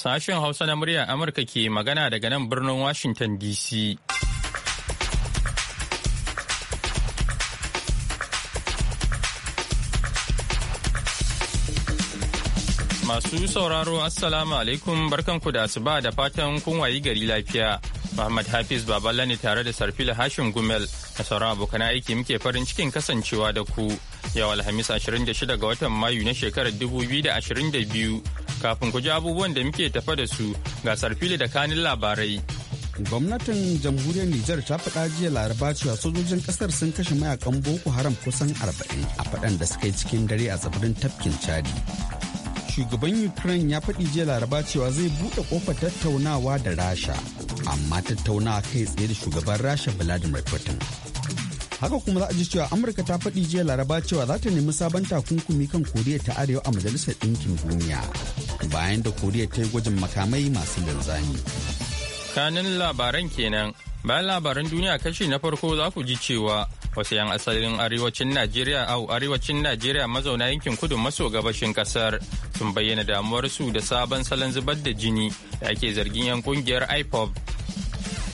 Sashen Hausa na muryar Amurka ke magana daga nan birnin Washington DC. Masu sauraro Assalamu alaikum barkanku da asuba da fatan kun wayi gari lafiya. Muhammad Hafiz Baballa ne tare da Sarfila Hashim Gumel da sauran abokan aiki muke farin cikin kasancewa da ku. Yau Alhamis 26 ga watan Mayu na shekarar 2022 Kafin ku ji abubuwan da muke tafa da su gasar fili da kanin labarai. Gwamnatin jamhuriyar Nijar ta faɗa jiya laraba cewa sojojin ƙasar sun kashe mayakan Boko Haram kusan arba'in a faɗan da suka yi cikin dare a tsibirin tafkin Chadi. Shugaban Ukraine ya faɗi jiya laraba cewa zai buɗe ƙofar tattaunawa da Rasha, amma tattaunawa kai tsaye da shugaban Rasha Vladimir Putin. haka kuma za a ji cewa amurka ta faɗi jiya laraba cewa za ta nemi sabon takunkumi kan koriya ta arewa a majalisar ɗinkin duniya bayan da koriya ta yi gwajin makamai masu linzami kanin labaran kenan bayan labaran duniya kashi na farko za ku ji cewa wasu 'yan asalin arewacin najeriya au arewacin najeriya mazauna yankin kudu maso gabashin kasar sun bayyana damuwarsu da sabon salon zubar da jini da ake zargin 'yan kungiyar ipob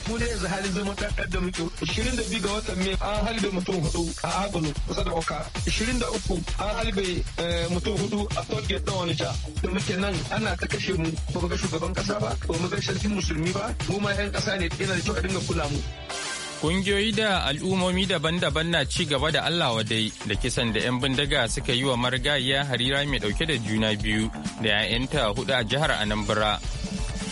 mu ne yanzu halin zama ɗaɗɗar da muke ishirin da biyu ga watan mai an halbe mutum hudu a agulu kusa da oka ishirin da uku an halbe eh, mutum hudu a tokyo ɗan wani ja da muke nan ana ta kashe mu ba mu ga shugaban kasa ba ba mu ga sarkin musulmi ba mu ma 'yan kasa ne yana da kyau a dinga kula mu. Kungiyoyi da al'ummomi daban-daban na ci gaba da Allah wadai da kisan da 'yan bindiga suka yi wa marigayiya harira mai dauke da juna biyu da 'ya'yanta hudu a jihar Anambra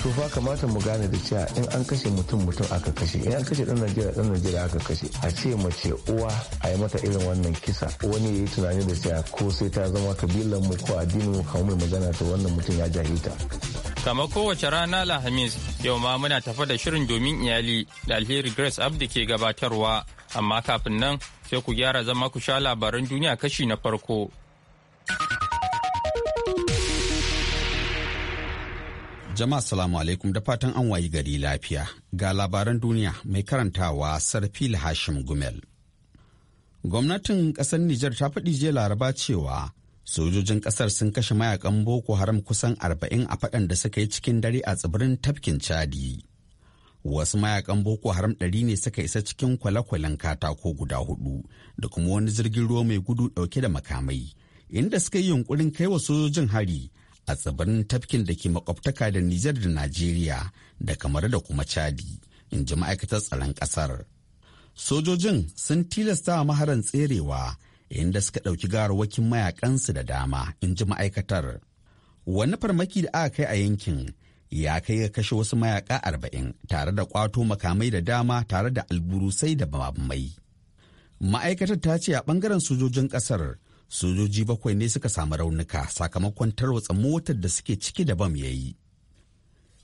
tufa fa kamata mu gane da cewa in an kashe mutum mutum aka kashe in an kashe dan najeriya dan najeriya aka kashe a ce mace uwa a yi mata irin wannan kisa wani ya yi tunani da cewa ko sai ta zama kabilan mu ko addinin mu kamar mai magana ta wannan mutum ya jahilta kama kowace rana Alhamis yau ma muna tafa da shirin domin iyali da alheri Grace Abdi ke gabatarwa amma kafin nan sai ku gyara zama ku sha labaran duniya kashi na farko. Jama'a salamu alaikum da fatan an wayi gari lafiya ga labaran duniya mai karantawa Sarfil Hashim Gumel. Gwamnatin ƙasar Nijar ta faɗi jiya laraba cewa sojojin ƙasar sun kashe mayakan Boko Haram kusan arba'in a faɗan da suka yi cikin dare a tsibirin tafkin Chadi. Wasu mayakan Boko Haram ɗari ne suka isa cikin kwale-kwalen katako guda hudu da kuma wani jirgin ruwa mai gudu ɗauke da makamai inda suka yi yunkurin kai wa sojojin hari a tsibirin tafkin da ke makwabtaka da Nijar da Najeriya da kamar da kuma Chadi, in ji ma'aikatar tsaron ƙasar. Sojojin sun tilasta wa maharan tserewa inda suka ɗauki garwakin mayakansu da dama, in ji ma'aikatar. Wani farmaki da aka kai a yankin ya kai ga kashe wasu mayaka arba'in tare da kwato makamai da dama tare da alburusai da bamamai. Ma'aikatar ta ce a bangaren sojojin ƙasar. sojoji bakwai ne suka samu raunuka sakamakon tarwatsa motar da suke ciki da bam ya yi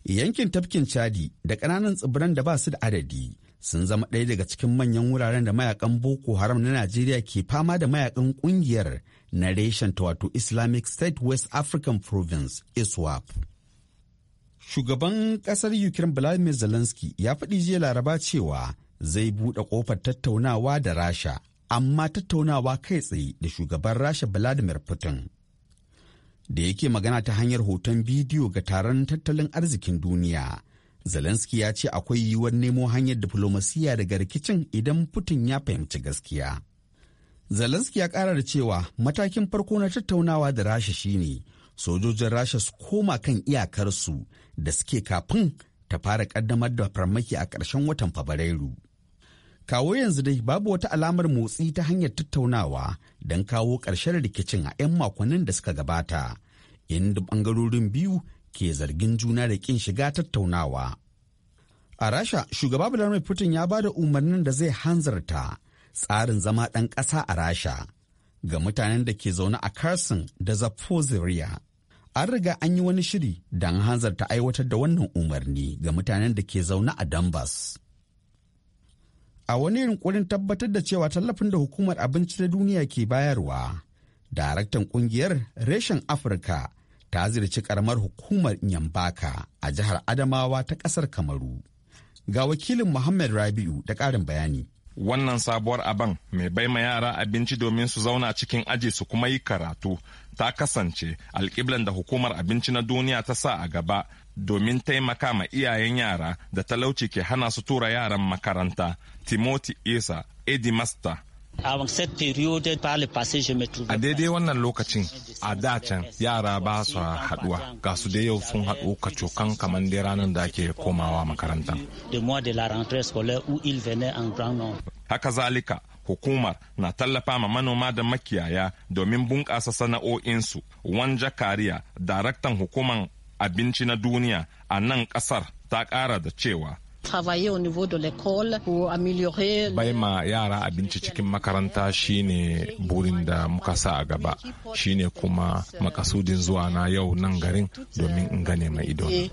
yankin tafkin chadi da ƙananan tsibiran da ba su da adadi sun zama ɗaya daga cikin manyan wuraren da mayakan boko haram na najeriya ke fama da mayakan ƙungiyar na reshen ta wato islamic state west african province iswap shugaban ƙasar ukraine vladimir zelensky ya faɗi jiya laraba cewa zai buɗe ƙofar tattaunawa da rasha amma tattaunawa kai tsaye da shugaban rasha vladimir putin da yake magana ta hanyar hoton bidiyo ga taron tattalin arzikin duniya zelensky ya ce akwai yiwuwar nemo hanyar diflomasiya daga rikicin idan putin ya fahimci gaskiya zelensky ya kara da cewa matakin farko na tattaunawa da rasha shine sojojin rasha su koma kan iyakarsu da suke kafin ta fara kaddamar da farmaki a ƙarshen watan fabrairu kawo yanzu dai babu wata alamar motsi ta hanyar tattaunawa don kawo ƙarshen rikicin a 'yan makonnin da suka gabata inda ɓangarorin biyu ke zargin juna da ƙin shiga tattaunawa a rasha shugaba vladimir putin ya ba da umarnin da zai hanzarta tsarin zama ɗan ƙasa a rasha ga mutanen da ke zaune a karsin da zaporizhia an riga an yi wani shiri don hanzarta aiwatar da wannan umarni ga mutanen da ke zaune a donbass a wani yunkurin tabbatar da cewa tallafin da hukumar abinci ta duniya ke bayarwa daraktan kungiyar reshen afirka ta zirci karamar hukumar Nyambaka a jihar adamawa ta kasar kamaru ga wakilin muhammad rabiu da karin bayani wannan sabuwar aban mai ma yara abinci domin su zauna cikin aji su kuma yi karatu ta kasance alkiblan da hukumar abinci na duniya ta sa a gaba domin taimaka ma iyayen yara da talauci ke hana su tura yaran makaranta timoti isa edimasta A daidai wannan lokacin a da can yara ba su haduwa ga su da yau sun haɗu kacokan kamar da ranar da ake komawa makaranta. Haka zalika hukumar na tallafa ma manoma da makiyaya domin bunƙasa sana'o'insu. Wanja Kariya, daraktan hukuman. abinci na duniya a nan ƙasar ta ƙara da cewa de bai ma yara abinci cikin makaranta shine burin da muka sa a gaba shine kuma makasudin zuwa na yau nan garin domin in gane mai ido euh,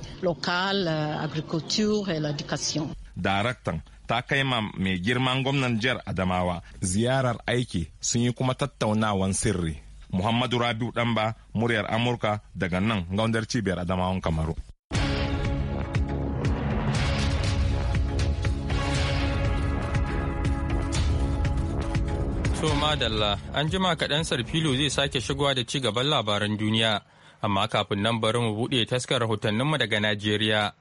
daraktan ta kai ma mai girman gwamnan jihar adamawa ziyarar aiki sun yi kuma tattaunawan sirri Muhammadu Rabiu Ɗanba muryar Amurka daga nan gaundar cibiyar Adamawan Kamaru. so madalla an jima kaɗan sarfilo zai sake shigowa da ci gaban labaran duniya amma kafin nan bari mu buɗe taskar rahotanninmu daga Najeriya.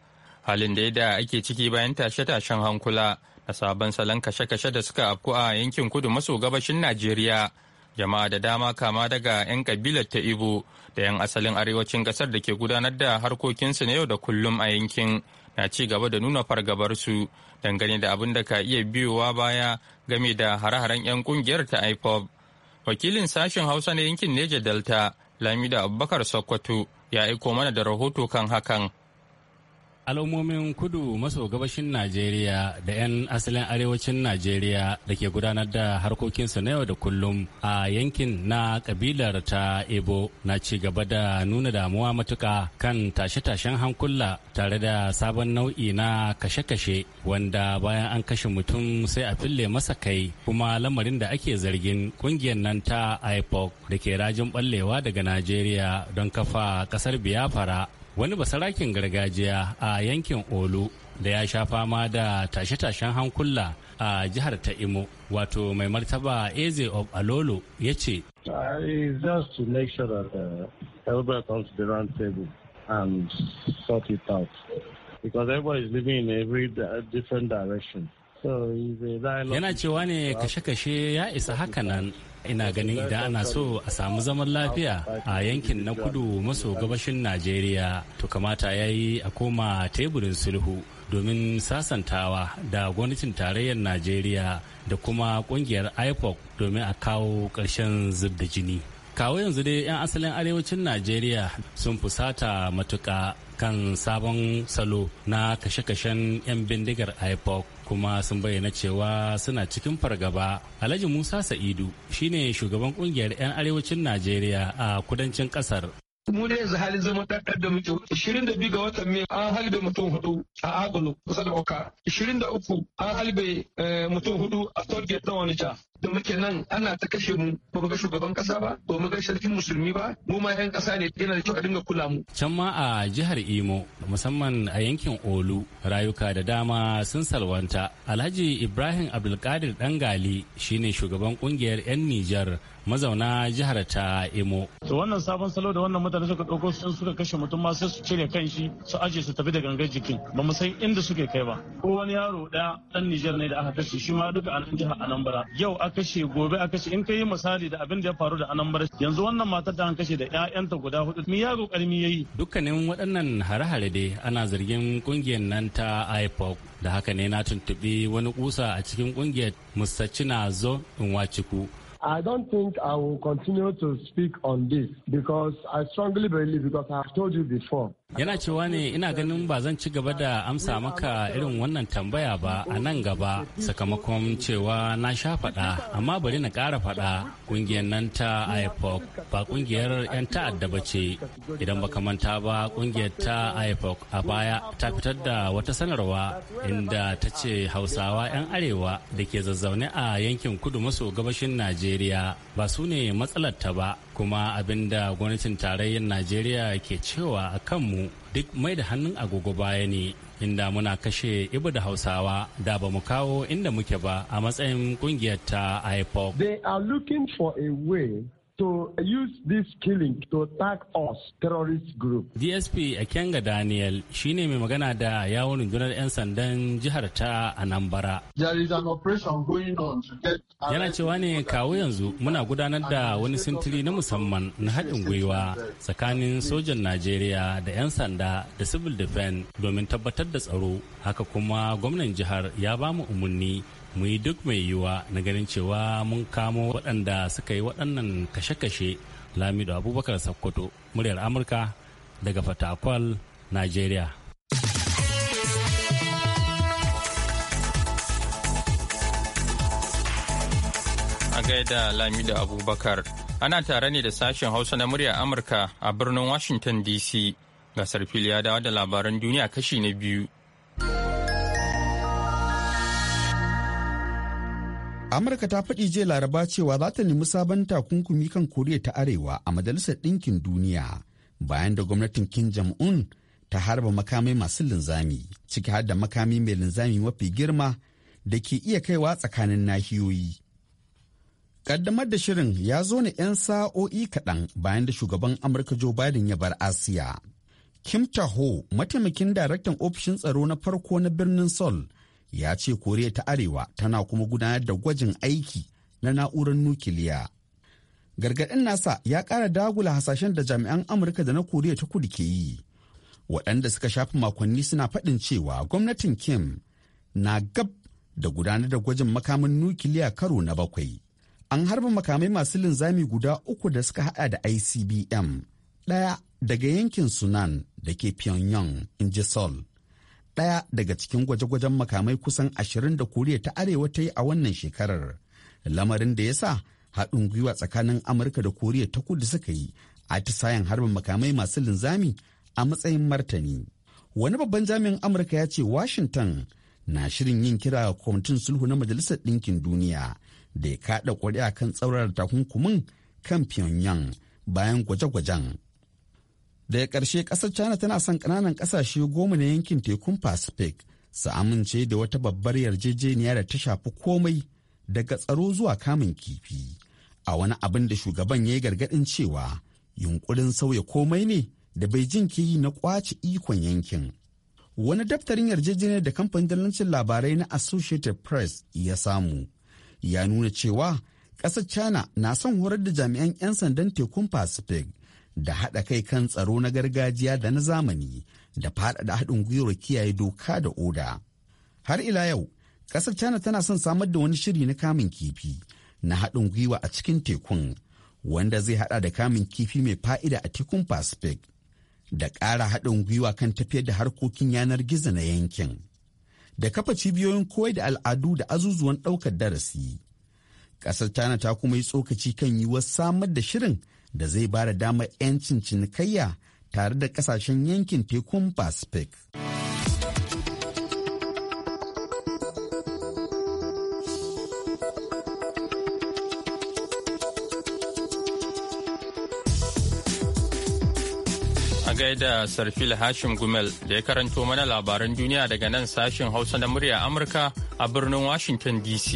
Halin da da ake ciki bayan tashe-tashen hankula na sabon salon kashe-kashe da suka afku a yankin kudu maso gabashin Najeriya. jama'a da dama kama daga 'yan kabilar ta ibo da 'yan asalin arewacin kasar da ke gudanar da harkokinsu na yau da kullum a yankin na ci gaba da nuna fargabarsu dangane da abin da ka iya biyowa baya game da hare-haren 'yan kungiyar ta ipob wakilin sashen hausa na yankin neja delta lamida abubakar sokoto ya aiko mana da rahoto kan hakan al'ummomin kudu maso gabashin najeriya da 'yan asalin arewacin najeriya da ke gudanar da harkokinsu na yau da kullum a yankin na kabilar ta ebo na ci gaba da nuna damuwa matuka kan tashe-tashen hankula tare da sabon nau'i na kashe-kashe wanda bayan an kashe mutum sai a fille masa kai kuma lamarin da ake zargin kungiyar nan ta ipoc da ke rajin ballewa daga najeriya don kafa kasar biafra wani basarakin gargajiya a yankin olu da ya sha fama da tashe-tashen hankula a jihar ta imo wato mai martaba eze of alolo ya ce and sort it out because everybody is living in a very different direction. yana cewa ne kashe-kashe ya isa haka nan ina ganin idan ana so a samu zaman lafiya a yankin na kudu maso gabashin najeriya to kamata ya yi a koma teburin sulhu domin sasantawa da gwamnatin tarayyar najeriya da kuma kungiyar ipoc domin a kawo ƙarshen zub da jini kawo yanzu dai 'yan asalin arewacin najeriya sun fusata matuka kan sabon salo na kashe-kashen 'yan bindigar ipoc kuma sun bayyana cewa suna cikin fargaba alhaji musa sa'idu shine shugaban kungiyar 'yan arewacin najeriya a kudancin kasar mu ne yanzu halin zama ɗaɗɗar da muke ishirin da biyu ga watan mai an halbe mutum hudu a agulu kusa da oka ishirin da uku an halbe eh, mutum hudu a tolgate na onitsha da muke nan ana ta kashe mu ba mu ga shugaban kasa ba ba mu ga sarkin musulmi ba mu ma yan kasa ne yana da kyau a dinga kula mu can ma a jihar Imo musamman a yankin Olu rayuka da dama sun salwanta Alhaji Ibrahim Abdulkadir Dangali shine shugaban kungiyar yan Nijar mazauna jihar ta Imo. To wannan sabon salo da wannan mutane suka ɗauko sun suka kashe mutum ma sai su cire kanshi su aje su tafi da gangar jikin ba mu san inda suke kai ba. Ko wani yaro ɗaya ɗan Nijar ne da aka kashe shi ma duka a nan jihar Anambra. Yau a kashe gobe a kashe in kai misali da abin da ya faru da Anambra yanzu wannan matar da an kashe da ƴaƴanta guda hudu mi yaro ya yayi. Dukkanin waɗannan hare-hare ana zargin ƙungiyar nan ta IPOC da haka ne na tuntuɓi wani kusa a cikin kungiyar ƙungiyar Mr. Chinazo Nwachukwu I don't think I will continue to speak on this because I strongly believe, because I have told you before, Yana cewa ne ina ganin ba zan ci gaba da amsa maka irin wannan tambaya ba a nan gaba sakamakon cewa na sha faɗa amma bari na ƙara faɗa ƙungiyar nan ta IFOC ba ƙungiyar 'yan ta'adda ba ce. Idan baka manta ba ƙungiyar ta IFOC a baya ta fitar da wata sanarwa inda ta ce Hausawa 'yan Arewa da ke zazzaune a yankin kudu maso gabashin Najeriya ba su ne matsalar ta ba kuma abin da gwamnatin tarayyar najeriya ke cewa a kanmu duk mai da hannun agogo baya ne inda muna kashe ibu da hausawa da ba mu kawo inda muke ba a matsayin kungiyar ta ipoc they are looking for a way to use this killing to attack us terrorist group. DSP Akenga Daniel shine mai magana da yawon rundunar 'yan sandan jihar ta Anambra. There is an operation going on to get Yana cewa ne kawo yanzu muna gudanar da wani sintiri na musamman na haɗin gwiwa tsakanin sojan Najeriya da 'yan sanda da civil defense domin tabbatar da tsaro. Haka kuma gwamnan jihar ya bamu umarni mu yi duk mai yiwuwa na ganin cewa mun kamo waɗanda suka yi waɗannan kashe-kashe lamido abubakar sakkwato muryar amurka daga fatakwal nigeria a gaida lamido abubakar ana tare ne da sashen hausa na muryar amurka a birnin washington dc gasar fili ya dawo da labaran duniya kashi na biyu amurka ta faɗi jiya laraba cewa za ta nemi sabon takunkumi kan koriya ta arewa a majalisar ɗinkin duniya bayan da gwamnatin kim jong-un ta harba makamai masu linzami ciki har da makami mai linzami mafi girma da ke iya kaiwa tsakanin nahiyoyi kaddamar da shirin ya zo ne 'yan sa'o'i kaɗan bayan da shugaban amurka joe biden ya bar asiya kim taho mataimakin daraktan ofishin tsaro na farko na birnin Sol. ya ce koriya ta arewa tana kuma gudanar da gwajin aiki na na'urar nukiliya gargaɗin nasa ya ƙara dagula hasashen da jami'an amurka da na koriya ta kudu ke yi waɗanda suka shafi makonni suna faɗin cewa gwamnatin kim na gab da gudanar da gwajin makamin nukiliya karo na bakwai an harba makamai masu linzami guda uku da suka haɗa da icbm ɗaya daga yankin sunan da ke pyongyang in ji seoul ɗaya daga cikin gwaje-gwajen makamai kusan ashirin da koriya ta arewa ta yi a wannan shekarar lamarin da ya sa haɗin gwiwa tsakanin amurka da koriya ta kudu suka yi a atisayen harbin makamai masu linzami a matsayin martani wani babban jami'in amurka ya ce washington na shirin yin kira ga kwamitin sulhu na majalisar ɗinkin duniya da ya kaɗa ƙuri'a kan tsaurara takunkumin kan pyongyang bayan gwaje-gwajen daga ƙarshe ƙasar china tana son ƙananan ƙasashe goma na yankin tekun pacific su amince da wata babbar yarjejeniya da ta shafi komai daga tsaro zuwa kamun kifi a wani abin da shugaban ya yi gargaɗin cewa yunkurin sauya komai ne da bai jin yi na kwace ikon yankin wani daftarin yarjejeniyar da kamfanin dalancin labarai na associated press ya samu ya nuna cewa ƙasar china na son horar da jami'an 'yan sandan tekun pacific da haɗa kai kan tsaro na gargajiya da na zamani da faɗaɗa haɗin gwiwar kiyaye doka da oda. Har ila yau, ƙasar China tana son samar da wani shiri na kamun kifi na haɗin gwiwa a cikin tekun wanda zai haɗa da kamun kifi mai fa'ida a tekun Pacific da ƙara haɗin gwiwa kan tafiyar da harkokin yanar gizo na yankin. Da kafa cibiyoyin koyar da al'adu da azuzuwan ɗaukar darasi. Ƙasar China ta kuma yi tsokaci kan yiwuwar samar da shirin da zai ba da damar 'yancin cinikayya tare da kasashen yankin tekun pacific a gaida sarfil hashim gumel da ya karanto mana labaran duniya daga nan sashen hausa na murya amurka a birnin washington dc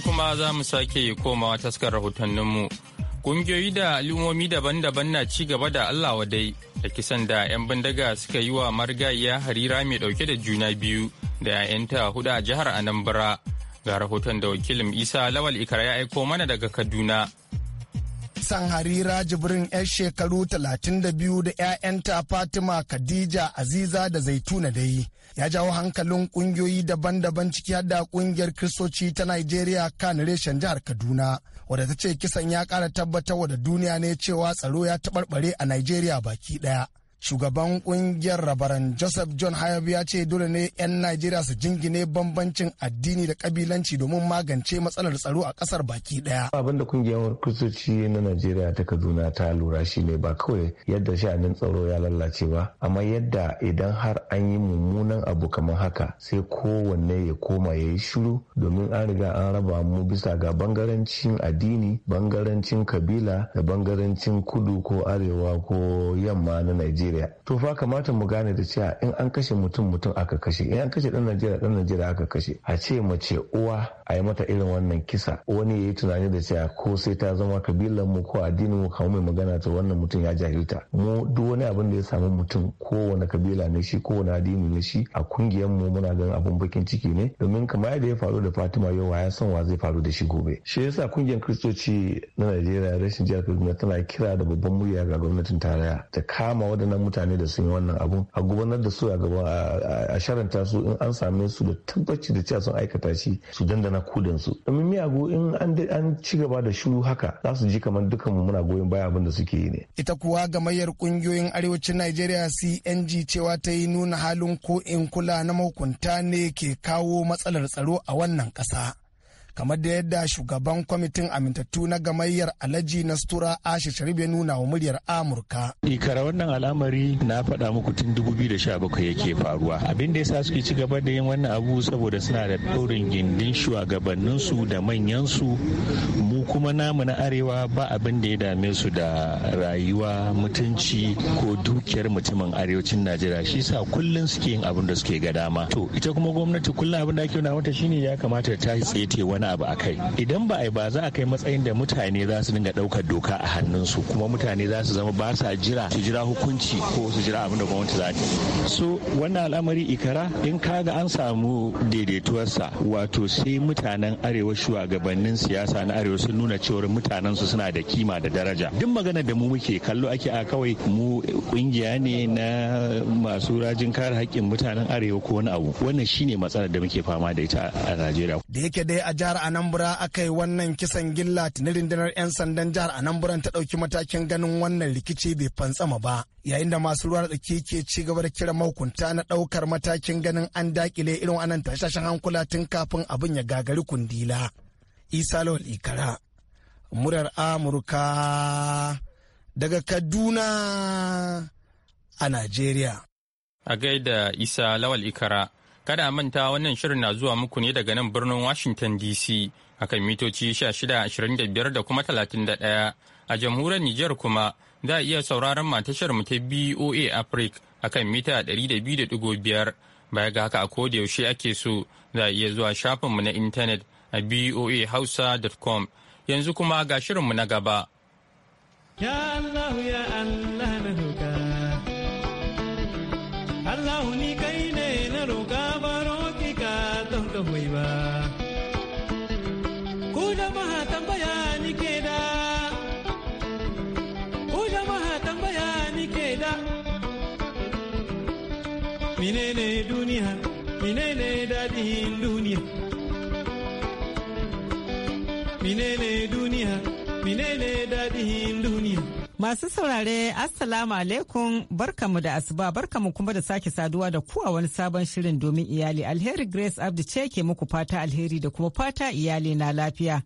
yanzu kuma za mu sake komawa taskar rahotanninmu. Ƙungiyoyi da al'ummomi daban-daban na ci gaba da Allah wadai da kisan da 'yan bandaga suka yi wa marigayya harira mai ɗauke da juna biyu da 'ya'yanta hudu a jihar Anambra. Ga rahoton da wakilin Isa Lawal Ikara ya aiko mana daga Kaduna. san harira jibrin 'yar shekaru 32 da 'ya'yanta fatima khadija aziza da zaituna dai ya jawo hankalin kungiyoyi daban-daban ciki da kungiyar kristoci ta nigeria kan reshen jihar kaduna wadda ta ce kisan ya kara tabbatar da duniya ne cewa tsaro ya taɓarɓare a nigeria baki ɗaya shugaban kungiyar rabaran joseph john hayab ya ce dole ne 'yan najeriya su jingine bambancin addini da kabilanci domin magance matsalar tsaro a kasar baki daya abin da kungiyar kristoci na najeriya ta kaduna ta lura shi ne ba kawai yadda sha'anin tsaro ya lalace ba amma yadda idan har an yi mummunan abu kamar haka sai kowanne ya koma ya yi shiru domin an riga an raba mu bisa ga bangarancin addini bangarancin kabila da bangarancin kudu ko arewa ko yamma na najeriya najeriya to fa kamata mu gane da cewa in an kashe mutum mutum aka kashe in an kashe dan najeriya dan najeriya aka kashe a ce mace uwa a yi mata irin wannan kisa wani ya yi tunani da cewa ko sai ta zama kabilan mu ko addinin mu kawo mai magana ta wannan mutum ya jahilta mu duk wani abin da ya samu mutum kowane kabila ne shi kowane addini ne shi a kungiyar mu muna ganin abun bakin ciki ne domin kamar yadda ya faru da fatima yau ya san wa zai faru da shi gobe shi yasa kungiyar kristoci na najeriya rashin jihar kaduna tana kira da babban murya ga gwamnatin tarayya ta kama waɗannan waɗannan mutane da sun yi wannan abun a gubanar da su a gaban a sharanta su in an same su da tabbaci da cewa sun aikata shi su dandana kudin su domin miyagu in an ci gaba da shiru haka za su ji kamar dukan mu muna goyon baya abin da suke yi ne ita kuwa gamayyar kungiyoyin arewacin Najeriya CNG cewa ta yi nuna halin ko in kula na mahukunta ne ke kawo matsalar tsaro a wannan ƙasa kamar da yadda shugaban kwamitin amintattu na gamayyar alhaji sutura ashe ya nuna wa muryar amurka ikara wannan al'amari na faɗa muku tun 2017 yake faruwa abin da sa suke ci gaba da yin wannan abu saboda suna da ɗorin gindin shugabanninsu da manyansu mu kuma namu na arewa ba abin da ya dame su da rayuwa mutunci ko dukiyar mutumin arewacin najeriya shi sa kullum suke yin abin da suke ga dama to ita kuma gwamnati kullum abin da ake nuna mata shine ya kamata ta wani. wani abu a kai idan ba a yi ba za a kai matsayin da mutane za su dinga daukar doka a hannunsu kuma mutane za su zama ba sa jira su jira hukunci ko su jira abin da gwamnati za ta so wannan al'amari ikara in ka ga an samu daidaituwarsa wato sai mutanen arewa shugabannin siyasa na arewa sun nuna cewar mutanen su suna da kima da daraja duk magana da mu muke kallo ake a kawai mu kungiya ne na masu rajin kare haƙƙin mutanen arewa ko wani abu wannan shine matsalar da muke fama da ita a Najeriya da yake dai a jihar anambra aka yi wannan kisan gilla tuni rundunar 'yan sandan jihar anambra ta ɗauki matakin ganin wannan rikici bai fantsama ba yayin da masu ruwa tsaki ke ci gaba da kira mahukunta na ɗaukar matakin ganin an dakile irin wannan tashashen hankula tun kafin abin ya gagari kundila isa lawal ikara murar amurka daga kaduna a najeriya a gaida isa lawal ikara Kada a manta wannan shirin na zuwa muku ne daga nan birnin Washington DC akan mitoci 1625 da kuma 31 a jamhuriyar Nijar kuma za a iya sauraron matashar mu ta BOA Africa akan mita 200.5 baya ga haka a koda yaushe ake so za a iya zuwa shafinmu na intanet a boahausa.com yanzu kuma ga shirinmu na gaba. Ya Allah ya Allah na Allah ni kai ne na roƙa baro ki ka don ka ba. Ku jama'a tambaya ni ke da, ku jama'a tambaya ni ke da. Menene duniya, menene daɗin duniya. Menene duniya, menene daɗin Masu saurare Assalamu alaikum barkamu da asuba barkamu kuma da sake saduwa da ku wani sabon shirin domin iyali alheri Grace Abdi ce ke muku fata alheri da kuma fata iyali na lafiya.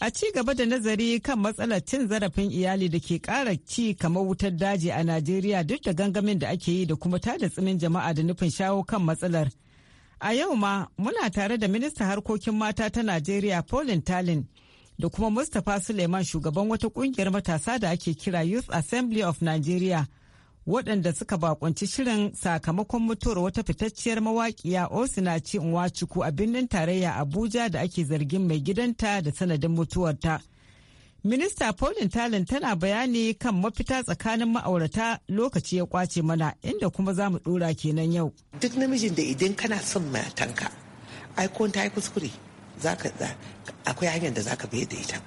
A ci gaba da nazari kan matsalar cin zarafin iyali da ke ƙara ci kamar wutar daji a Najeriya duk da gangamin da ake yi da kuma tada tsimin jama'a da nufin shawo kan matsalar. A yau ma muna tare da ministan harkokin mata ta Najeriya Pauline Tallinn. da kuma Mustapha Suleiman shugaban wata kungiyar matasa da ake kira Youth Assembly of Nigeria waɗanda suka bakunci shirin sakamakon mutuwar wata fitacciyar mawaƙiya Osinachi Nwachukwu a birnin tarayya Abuja da ake zargin mai gidanta da sanadin mutuwarta. Minista Paulin Talin tana bayani kan mafita tsakanin ma'aurata lokaci ya kwace mana inda kuma za mu ɗora kenan yau. Duk namijin da idan kana son matanka, ai ta yi kuskure. akwai hanyar da za ka bai da ita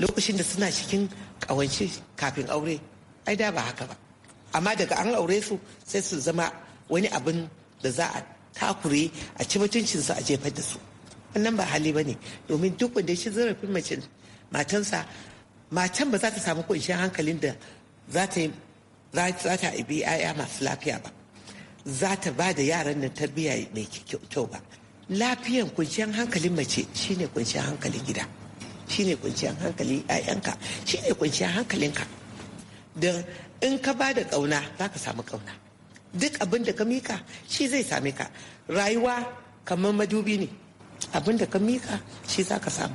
lokacin da suna cikin kawance kafin aure ai da ba haka ba amma daga an aure su sai su zama wani abin da za a takure a ci mutuncinsu a jefar da su wannan ba hali ba ne domin duk wanda shi zarafin mace matansa matan ba za ta samu kunshin hankalin da za ta za ta ibi 'ya'ya masu lafiya ba za ta ba da yaran nan tarbiyya mai kyau ba lafiyan kwanciyar hankalin mace shine kwanciyar hankalin gida shine kwanciyar hankalin 'ya'yanka shine kwanciyar hankalinka don in ka ba da kauna za ka samu kauna duk abin da ka mika shi zai same ka rayuwa kamar madubi ne abin da ka mika shi za ka samu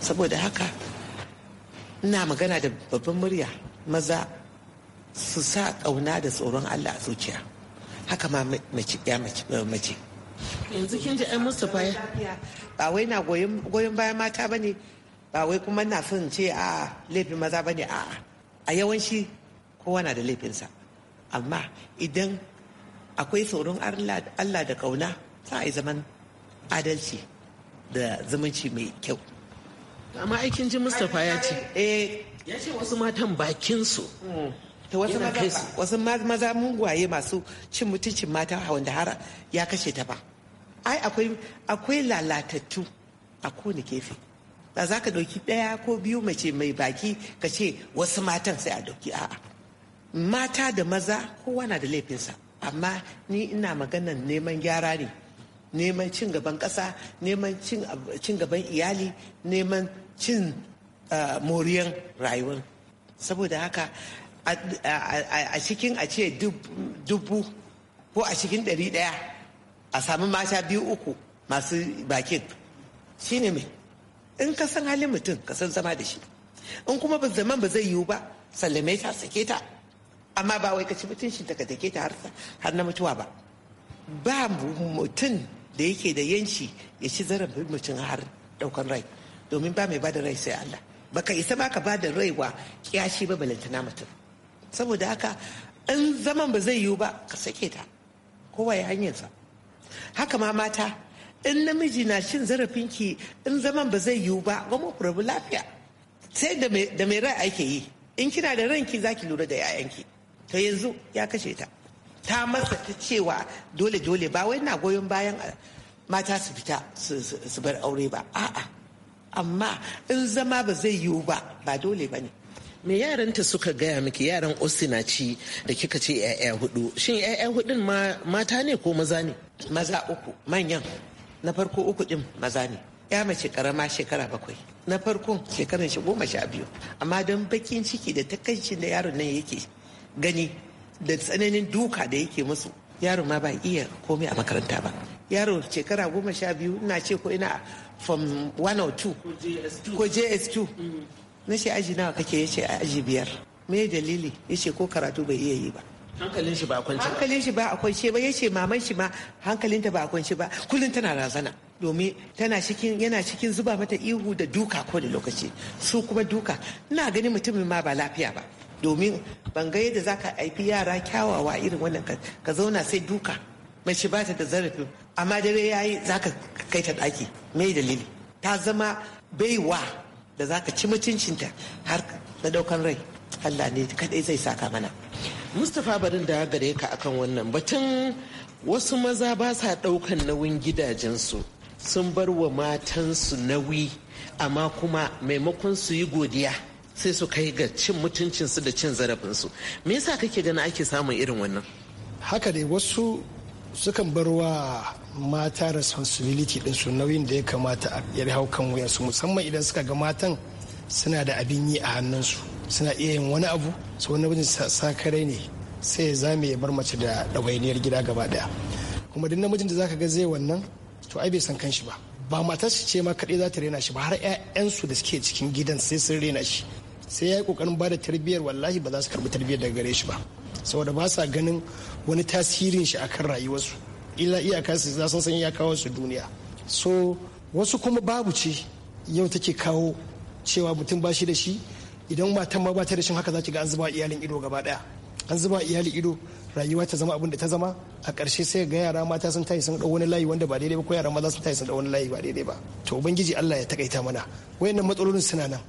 saboda haka ina magana da babban murya maza su sa kauna da tsoron allah a zuciya haka ma mace yanzu kin ji ai mustapha ba wai na goyon bayan mata ba ne ba wai kuma na son ce a laifin maza bane ne a a yawanci kowa na da laifinsa amma idan akwai tsoron allah da kauna za a yi zaman adalci da zumunci mai kyau amma aikin ji mustapha ya ce eh ya ce wasu matan bakinsu hmm. ta wasu maza wasu maza masu cin mutuncin mata wanda har ya kashe ta ba ai akwai akwai lalatattu a kowane gefe da za ka ɗauki ɗaya ko biyu mace mai baki ka ce wasu matan sai a ɗauki a'a mata da maza kowa na da laifinsa amma ni ina maganan neman gyara ne neman cin gaban ƙasa neman cin gaban iyali neman cin eh, moriyan rayuwar saboda haka a cikin a ce dubu ko a cikin ɗari ɗaya a sami mata biyu uku masu bakin shine mai in ka san halin mutum ka san zama da shi in kuma ba zaman ba zai yiwu ba sallame ta sake ta amma ba wai ka ci shi daga take ta har na mutuwa ba ba mutum da yake da yanci ya ci zaran mutum har daukan rai domin ba mai ba da rai sai Allah baka isa ba ka ba da rai wa kiyashi ba balantana mutum saboda haka in zaman ba zai yiwu ba ka sake ta kowa ya hanyarsa haka ma mata in namiji na shin zarafinki in zaman ba zai yiwu ba goma ku rabu lafiya sai da mai rai ake yi in kina da ranki za ki lura da 'ya'yanki ta yanzu ya kashe ta ta masa ta cewa dole dole ba wai na goyon bayan ah, mata su fita su bar aure ba a'a amma in zama ba zai yiwu ba ba dole ba ne me yaranta suka gaya miki yaran osinaci da kika ce 'ya'ya hudu shin 'ya'ya hudun mata ne ko maza ne maza uku manyan na farko uku din maza ne ya mace karama shekara bakwai na farko shekaran shi goma sha biyu amma don bakin ciki da takaicin da yaron nan yake gani da tsananin duka da yake musu yaron ma ba iya komai a makaranta ba yaro shekara goma sha biyu ina ce ko ina from 102 ko js2 na ce aji nawa kake ya ce aji biyar me dalili ya ce ko karatu bai iya yi ba hankalin shi ba a kwance ba ya ce maman shi ma hankalinta ba a kwance ba kullum tana razana domin tana cikin yana cikin zuba mata ihu da duka ko da lokaci su kuma duka ina gani mutumin ma ba lafiya ba domin ban ga yadda zaka haifi yara kyawawa irin wannan ka zauna sai duka mai ba ta da zarafin amma dare yayi zaka kai ta daki me dalili ta zama baiwa da za ka ci mutuncinta har na daukan rai Allah ne kadai zai saka mana mustapha barin da gare ka akan wannan batun wasu maza ba sa daukan nauyin gidajensu sun bar wa matansu nauyi amma kuma maimakon su yi godiya sai su kai ga cin mutuncinsu da cin zarafinsu me yasa kake gani ake samun irin wannan haka ne wasu sukan bar wa mata responsibility din su nauyin da ya kamata ya hau kan wuyansu musamman idan suka ga matan suna da abin yi a hannunsu suna iya yin wani abu su wani sa kare ne sai ya zame ya bar mace da ɗawainiyar gida gaba daya kuma duk namijin da zaka ga zai wannan to ai bai san kanshi ba ba matar su ce ma kaɗai za ta rena shi ba har 'ya'yansu da suke cikin gidan sai sun rena shi sai ya yi kokarin ba da tarbiyyar wallahi ba za su karɓi tarbiyyar daga gare shi ba saboda ba sa ganin wani tasirin shi akan rayuwarsu illa iyaka za su san kawo su duniya so wasu kuma babu ce yau take kawo cewa mutum ba da shi idan matan ma bata da shi haka za ki ga an zuba iyalin ido gaba daya an zuba iyalin ido rayuwa ta zama abin da ta zama a ƙarshe sai ga yara mata sun tashi sun ɗau wani layi wanda ba daidai ba ko yara maza sun tashi sun ɗau wani layi ba daidai ba to ubangiji Allah ya takaita mana wayannan matsalolin suna nan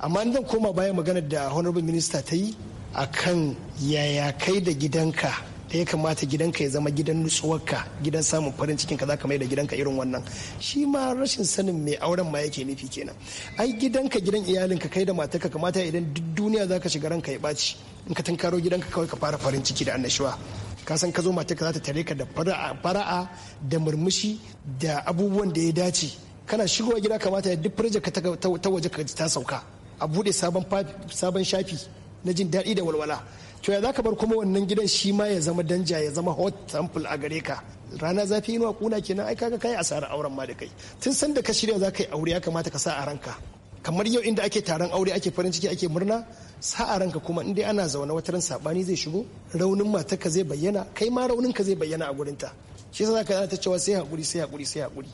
amma zan koma bayan magana da honorable minister ta yi akan yaya kai da gidanka da ya kamata gidanka ya zama gidan nutsuwarka gidan samun farin cikin ka zaka mai da gidanka irin wannan shi ma rashin sanin mai auren ma yake nufi kenan ai gidanka gidan iyalinka kai da matarka kamata idan duk duniya zaka shiga ranka ya ɓaci in ka tunkaro gidanka kawai ka fara farin ciki da annashuwa ka san ka zo matarka za ta tare ka da fara'a da murmushi da abubuwan da ya dace kana shigowa gida kamata ya duk farajar ka ta waje ka ta sauka a bude sabon shafi na jin daɗi da walwala to ya za ka bar kuma wannan gidan shi ma ya zama danja ya zama hot temple a gare ka rana zafi inuwa kuna kenan ai kaga kai asara auren ma da kai tun sanda ka shirya za ka yi aure ya kamata ka sa a ranka kamar yau inda ake taron aure ake farin ciki ake murna sa a ranka kuma in dai ana zaune wata ran sabani zai shigo raunin matarka zai bayyana kai ma raunin ka zai bayyana a gurinta shi yasa zaka ta cewa sai hakuri sai hakuri sai hakuri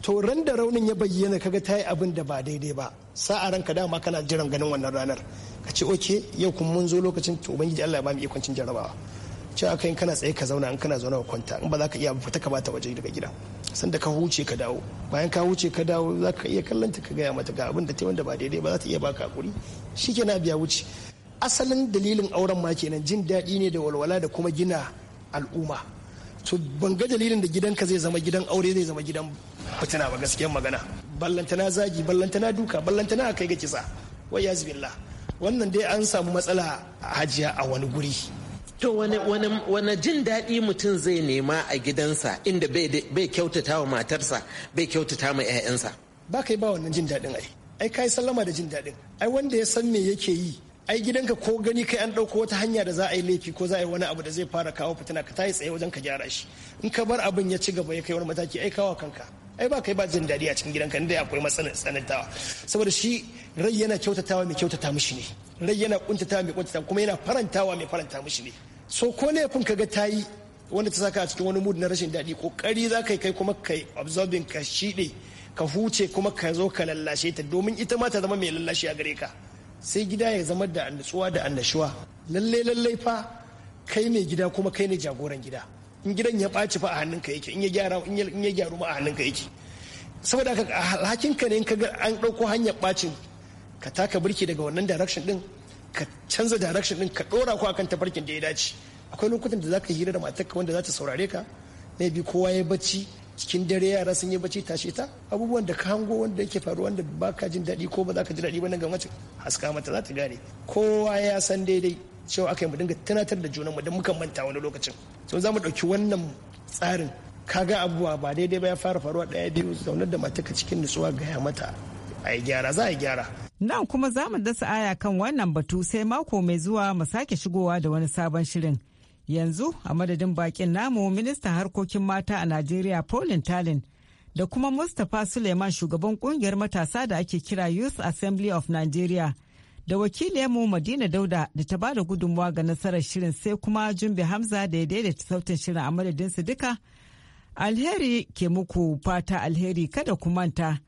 to ran da raunin ya bayyana kaga ta yi abin da ba daidai ba sa a ranka dama kana jiran ganin wannan ranar ka ce oke yau kuma mun zo lokacin to ubangiji Allah ya ba mu ikon cin jarabawa ce aka yin kana tsaye ka zauna in kana zauna ka kwanta in ba za ka iya fita ka bata waje daga gida sanda ka huce ka dawo bayan ka huce ka dawo za ka iya kallanta ka gaya mata ga abin da ta wanda ba daidai ba za ta iya baka hakuri na biya wuce asalin dalilin auren ma kenan jin daɗi ne da walwala da kuma gina al'umma to ban ga dalilin da gidanka zai zama gidan aure zai zama gidan fitina ba gaskiyar magana ballantana zagi ballantana duka ballantana kai ga kisa wai yazbillah wannan dai an samu matsala a hajiya a wani guri To wani jin daɗi mutum zai nema a gidansa inda bai kyautata wa matarsa bai kyautata ma 'ya'yansa. Ba kai ba wannan jin daɗin ai. Ai kai sallama da jin daɗin. Ai wanda ya san me yake yi. Ai gidanka ko gani kai an ɗauko wata hanya da za a yi laifi ko za a yi wani abu da zai fara kawo fitina ka tayi tsaye wajen ka gyara shi. In ka bar abin ya ci gaba ya kai wani mataki ai kawo kanka. ai ba kai ba jin daɗi a cikin gidanka inda akwai matsalar tsanantawa saboda shi rai yana kyautatawa mai kyautata mishi ne rai yana kuntatawa mai kuntatawa kuma yana farantawa mai faranta mishi ne so ko laifin ka ga tayi wanda ta saka a cikin wani mood na rashin daɗi kari za ka kai kuma kai absorbing ka shiɗe ka huce kuma ka zo ka lallashe ta domin ita ma ta zama mai lallashe a gare ka sai gida ya zama da annatsuwa da annashuwa lalle lalle fa kai ne gida kuma kai ne jagoran gida in gidan ya ɓaci fa a hannunka yake in ya gyara in ya gyaru ma a hannunka yake saboda haka ka ne in ka ga an ɗauko hanyar ɓacin ka taka birki daga wannan direction din ka canza direction din ka ɗora ko akan tafarkin da ya dace akwai lokutan da za ka hira da matarka wanda za ta saurare ka na bi kowa ya bacci cikin dare yara sun yi bacci tashe ta abubuwan da ka hango wanda yake faruwa wanda baka jin daɗi ko ba za ka ji daɗi ba nan ga mace haska mata za ta gane kowa ya san daidai cewa aka yi mu dinga tunatar da juna mu don muka manta wani lokacin so za mu ɗauki wannan tsarin kaga abubuwa ba daidai ba ya fara faruwa ɗaya biyu zaunar da mataka cikin nutsuwa gaya mata a yi gyara za a yi gyara nan kuma za mu dasa aya kan wannan batu sai mako mai zuwa mu sake shigowa da wani sabon shirin yanzu a madadin bakin namu ministan harkokin mata a najeriya paulin talin da kuma mustapha suleiman shugaban kungiyar matasa da ake kira youth assembly of nigeria da wakiliyarmu Madina Dauda da ta bada gudunmawa ga nasarar shirin sai kuma Jumbe Hamza da ya daidaita sautin shirin a madadinsu duka. Alheri ke muku fata alheri kada ku manta.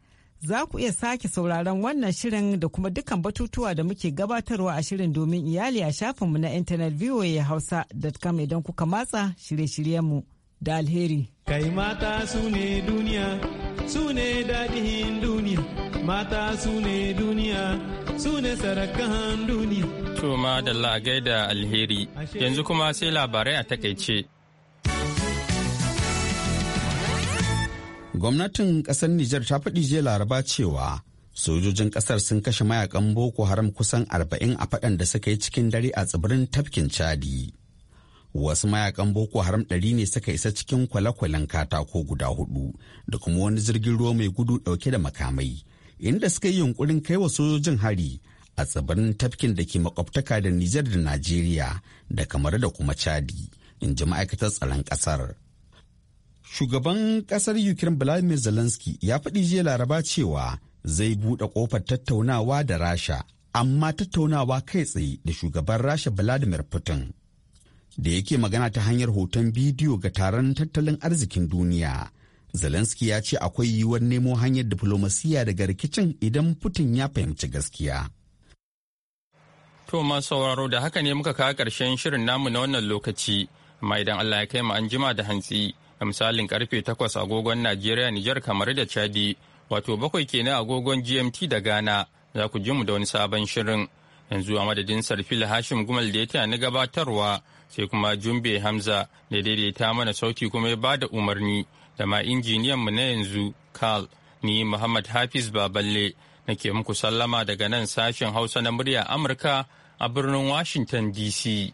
Za ku iya sake sauraron wannan shirin da kuma dukkan batutuwa da muke gabatarwa a shirin domin iyali a shafinmu na intanet voahausa.com idan kuka matsa shirye-shiryenmu da alheri. Kai mata su ne duniya, su ne daɗin duniya, mata su ne duniya. su ne sarakan duniya. To da da alheri yanzu kuma sai labarai a takaice. Gwamnatin ƙasar Nijar ta faɗi jiya laraba cewa sojojin ƙasar sun kashe mayakan Boko Haram kusan arba'in a faɗan da suka yi cikin dare a tsibirin tafkin Chadi. Wasu mayakan Boko Haram ɗari ne suka isa cikin kwale-kwalen katako guda hudu da kuma wani jirgin ruwa mai gudu ɗauke da makamai. inda suka yi yunkurin kai wa sojojin hari a tsibirin tafkin da ke makwabtaka da Nijar da Najeriya da kamar da kuma Chadi, in ji ma'aikatar tsaron ƙasar. Shugaban ƙasar Ukraine Vladimir Zelensky ya faɗi jiya laraba cewa zai buɗe ƙofar tattaunawa da Rasha, amma tattaunawa kai tsaye da shugaban Rasha Vladimir Putin. Da yake magana ta hanyar hoton bidiyo ga taron tattalin arzikin duniya Zelensky ya ce akwai yiwuwar nemo hanyar diflomasiya daga rikicin idan Putin ya fahimci gaskiya. To masu sauraro da haka ne muka kawo ƙarshen shirin namu na wannan lokaci, amma idan Allah ya kai mu an jima da hantsi, da misalin karfe takwas agogon Najeriya, Nijar, kamar da Chadi, wato bakwai kenan agogon GMT da Ghana, za ku ji mu da wani sabon shirin. Yanzu a madadin Sarfil Hashim Gumal da ya taya na gabatarwa, sai kuma Jumbe Hamza da daidaita mana sauti kuma ya bada umarni. da ma injiniyan mu na yanzu Carl ni Muhammad Hafiz Baballe nake muku sallama daga nan sashen Hausa na murya Amurka a birnin Washington DC.